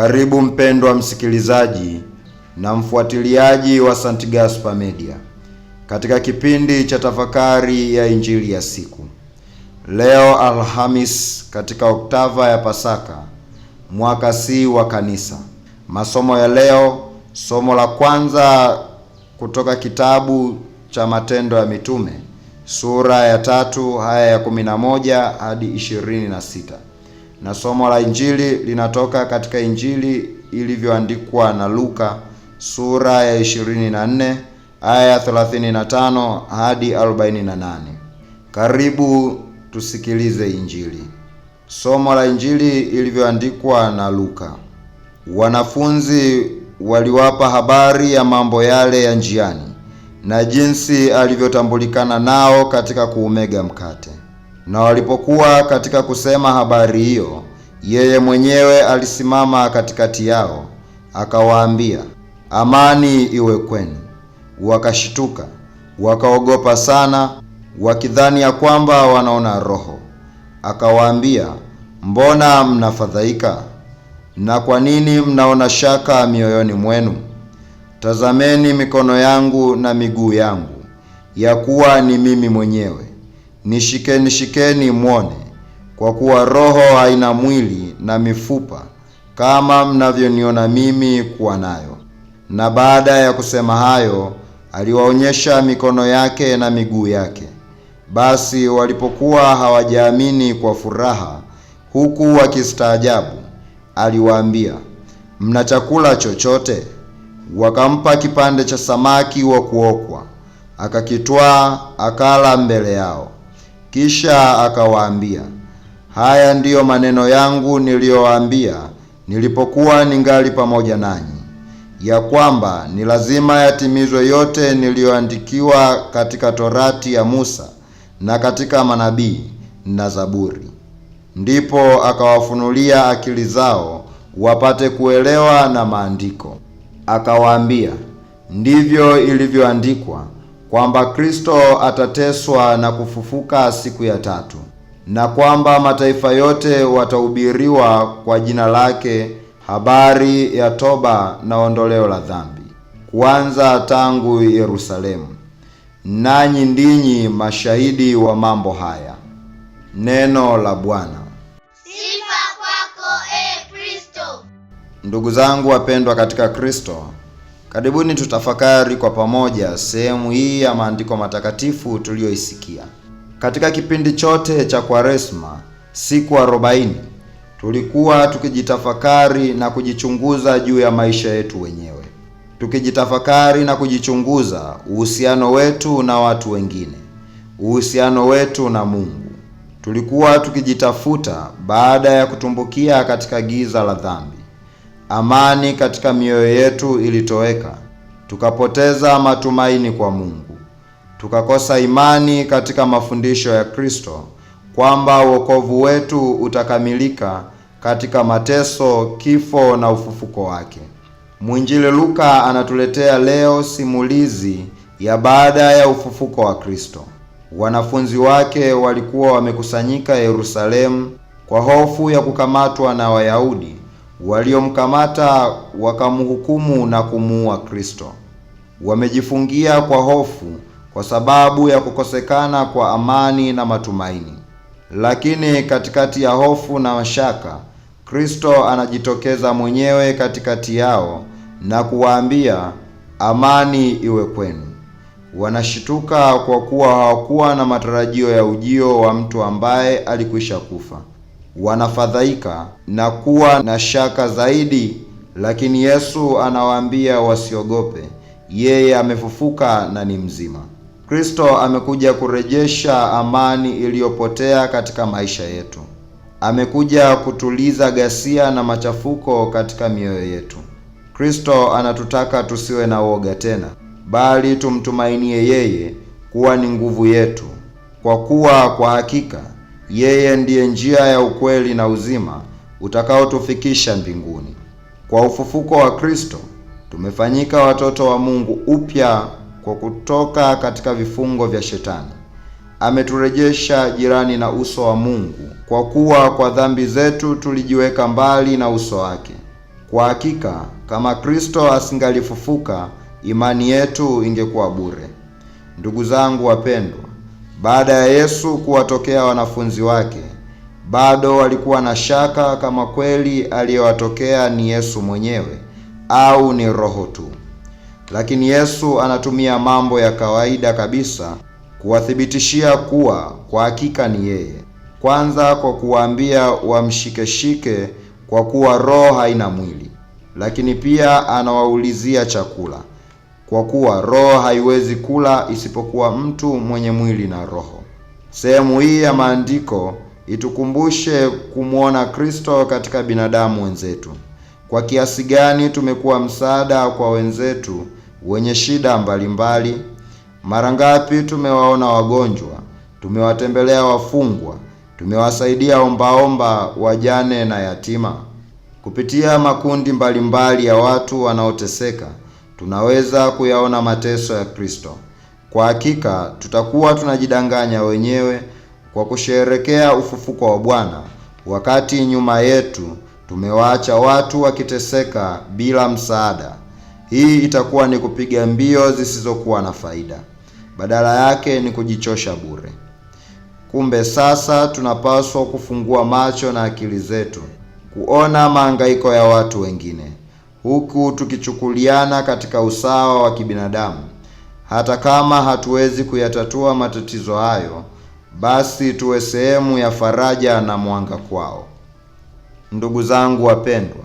Karibu mpendwa msikilizaji na mfuatiliaji wa St. Gaspar Media katika kipindi cha tafakari ya injili ya siku leo, Alhamis katika oktava ya Pasaka mwaka C wa Kanisa. Masomo ya leo, somo la kwanza kutoka kitabu cha Matendo ya Mitume sura ya tatu haya ya 11 hadi sita na somo la injili linatoka katika Injili ilivyoandikwa na Luka sura ya 24 aya ya 35 hadi 48. Karibu tusikilize Injili. Somo la Injili ilivyoandikwa na Luka. Wanafunzi waliwapa habari ya mambo yale ya njiani na jinsi alivyotambulikana nao katika kuumega mkate. Na walipokuwa katika kusema habari hiyo, yeye mwenyewe alisimama katikati yao akawaambia, amani iwe kwenu. Wakashituka wakaogopa sana, wakidhani ya kwamba wanaona roho. Akawaambia, mbona mnafadhaika? Na kwa nini mnaona shaka mioyoni mwenu? Tazameni mikono yangu na miguu yangu, ya kuwa ni mimi mwenyewe Nishikeni shikeni mwone, kwa kuwa roho haina mwili na mifupa kama mnavyoniona mimi kuwa nayo. Na baada ya kusema hayo, aliwaonyesha mikono yake na miguu yake. Basi walipokuwa hawajaamini kwa furaha, huku wakistaajabu, aliwaambia, mna chakula chochote? Wakampa kipande cha samaki wa kuokwa, akakitwaa akala mbele yao. Kisha akawaambia, haya ndiyo maneno yangu niliyowaambia nilipokuwa ningali pamoja nanyi, ya kwamba ni lazima yatimizwe yote niliyoandikiwa katika Torati ya Musa na katika manabii na Zaburi. Ndipo akawafunulia akili zao wapate kuelewa na maandiko. Akawaambia, ndivyo ilivyoandikwa kwamba Kristo atateswa na kufufuka siku ya tatu, na kwamba mataifa yote watahubiriwa kwa jina lake habari ya toba na ondoleo la dhambi, kuanza tangu Yerusalemu. Nanyi ndinyi mashahidi wa mambo haya. Neno la Bwana. Sifa kwako, e Kristo. Ndugu zangu wapendwa katika Kristo, Karibuni tutafakari kwa pamoja sehemu hii ya maandiko matakatifu tuliyoisikia. Katika kipindi chote cha Kwaresma, siku arobaini, tulikuwa tukijitafakari na kujichunguza juu ya maisha yetu wenyewe, tukijitafakari na kujichunguza uhusiano wetu na watu wengine, uhusiano wetu na Mungu. Tulikuwa tukijitafuta baada ya kutumbukia katika giza la dhambi amani katika mioyo yetu ilitoweka, tukapoteza matumaini kwa Mungu, tukakosa imani katika mafundisho ya Kristo kwamba wokovu wetu utakamilika katika mateso, kifo na ufufuko wake. Mwinjili Luka anatuletea leo simulizi ya baada ya ufufuko wa Kristo. Wanafunzi wake walikuwa wamekusanyika Yerusalemu kwa hofu ya kukamatwa na Wayahudi Waliomkamata wakamhukumu na kumuua Kristo. Wamejifungia kwa hofu kwa sababu ya kukosekana kwa amani na matumaini. Lakini katikati ya hofu na mashaka, Kristo anajitokeza mwenyewe katikati yao na kuwaambia, amani iwe kwenu. Wanashituka kwa kuwa hawakuwa na matarajio ya ujio wa mtu ambaye alikwisha kufa wanafadhaika na kuwa na shaka zaidi, lakini Yesu anawaambia wasiogope, yeye amefufuka na ni mzima. Kristo amekuja kurejesha amani iliyopotea katika maisha yetu. Amekuja kutuliza ghasia na machafuko katika mioyo yetu. Kristo anatutaka tusiwe na woga tena, bali tumtumainie yeye kuwa ni nguvu yetu, kwa kuwa kwa hakika yeye ndiye njia ya ukweli na uzima utakaotufikisha mbinguni. Kwa ufufuko wa Kristo tumefanyika watoto wa Mungu upya kwa kutoka katika vifungo vya Shetani. Ameturejesha jirani na uso wa Mungu, kwa kuwa kwa dhambi zetu tulijiweka mbali na uso wake. Kwa hakika kama Kristo asingalifufuka, imani yetu ingekuwa bure. Ndugu zangu wapendwa, baada ya Yesu kuwatokea wanafunzi wake, bado walikuwa na shaka kama kweli aliyowatokea ni Yesu mwenyewe au ni roho tu. Lakini Yesu anatumia mambo ya kawaida kabisa kuwathibitishia kuwa kwa hakika ni yeye. Kwanza kwa kuwaambia wamshikeshike kwa kuwa roho haina mwili, lakini pia anawaulizia chakula kwa kuwa roho haiwezi kula isipokuwa mtu mwenye mwili na roho. Sehemu hii ya maandiko itukumbushe kumwona Kristo katika binadamu wenzetu. Kwa kiasi gani tumekuwa msaada kwa wenzetu wenye shida mbalimbali? Mara ngapi tumewaona wagonjwa, tumewatembelea wafungwa, tumewasaidia ombaomba, wajane na yatima. Kupitia makundi mbalimbali ya watu wanaoteseka tunaweza kuyaona mateso ya Kristo. Kwa hakika tutakuwa tunajidanganya wenyewe kwa kusherekea ufufuko wa Bwana wakati nyuma yetu tumewaacha watu wakiteseka bila msaada. Hii itakuwa ni kupiga mbio zisizokuwa na faida, badala yake ni kujichosha bure. Kumbe sasa tunapaswa kufungua macho na akili zetu kuona mahangaiko ya watu wengine huku tukichukuliana katika usawa wa kibinadamu. Hata kama hatuwezi kuyatatua matatizo hayo, basi tuwe sehemu ya faraja na mwanga kwao. Ndugu zangu wapendwa,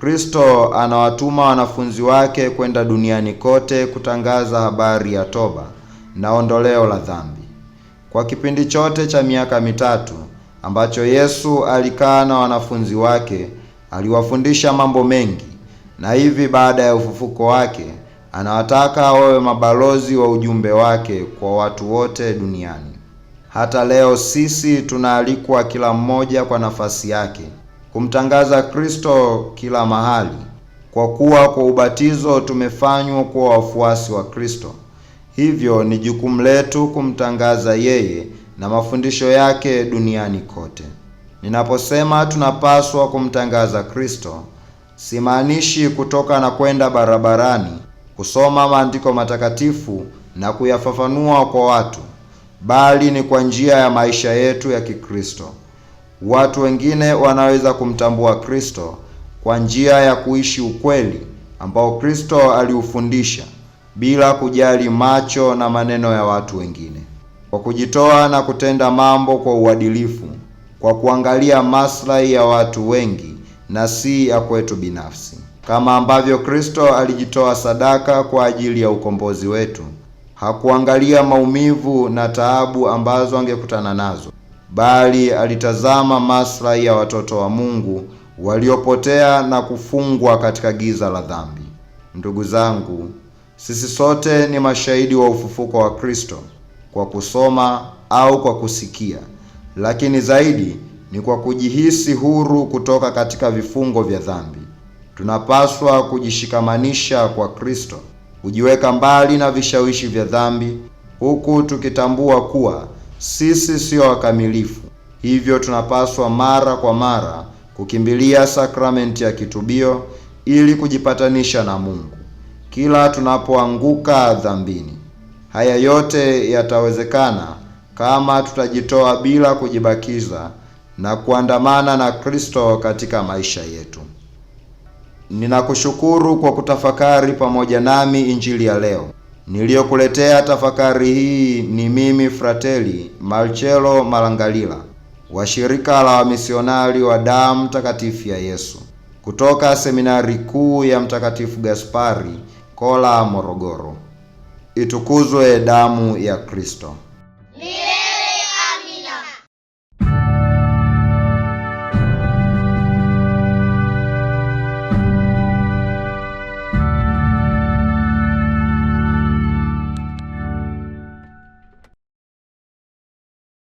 Kristo anawatuma wanafunzi wake kwenda duniani kote kutangaza habari ya toba na ondoleo la dhambi. Kwa kipindi chote cha miaka mitatu ambacho Yesu alikaa na wanafunzi wake, aliwafundisha mambo mengi na hivi baada ya ufufuko wake anawataka wawe mabalozi wa ujumbe wake kwa watu wote duniani. Hata leo sisi tunaalikwa kila mmoja kwa nafasi yake kumtangaza Kristo kila mahali, kwa kuwa kwa ubatizo tumefanywa kuwa wafuasi wa Kristo. Hivyo ni jukumu letu kumtangaza yeye na mafundisho yake duniani kote. Ninaposema tunapaswa kumtangaza Kristo Simaanishi kutoka na kwenda barabarani kusoma maandiko matakatifu na kuyafafanua kwa watu, bali ni kwa njia ya maisha yetu ya Kikristo. Watu wengine wanaweza kumtambua Kristo kwa njia ya kuishi ukweli ambao Kristo aliufundisha bila kujali macho na maneno ya watu wengine, kwa kujitoa na kutenda mambo kwa uadilifu, kwa kuangalia maslahi ya watu wengi na si ya kwetu binafsi. Kama ambavyo Kristo alijitoa sadaka kwa ajili ya ukombozi wetu, hakuangalia maumivu na taabu ambazo angekutana nazo, bali alitazama maslahi ya watoto wa Mungu waliopotea na kufungwa katika giza la dhambi. Ndugu zangu, sisi sote ni mashahidi wa ufufuko wa Kristo kwa kusoma au kwa kusikia, lakini zaidi ni kwa kujihisi huru kutoka katika vifungo vya dhambi. Tunapaswa kujishikamanisha kwa Kristo, kujiweka mbali na vishawishi vya dhambi, huku tukitambua kuwa sisi siyo wakamilifu. Hivyo tunapaswa mara kwa mara kukimbilia sakramenti ya kitubio ili kujipatanisha na Mungu kila tunapoanguka dhambini. Haya yote yatawezekana kama tutajitoa bila kujibakiza na kuandamana na Kristo katika maisha yetu. Ninakushukuru kwa kutafakari pamoja nami injili ya leo. Niliyokuletea tafakari hii ni mimi Frateli Marcello Malangalila wa shirika la wamisionari wa damu takatifu ya Yesu kutoka seminari kuu ya Mtakatifu Gaspari Kola, Morogoro. Itukuzwe damu ya Kristo!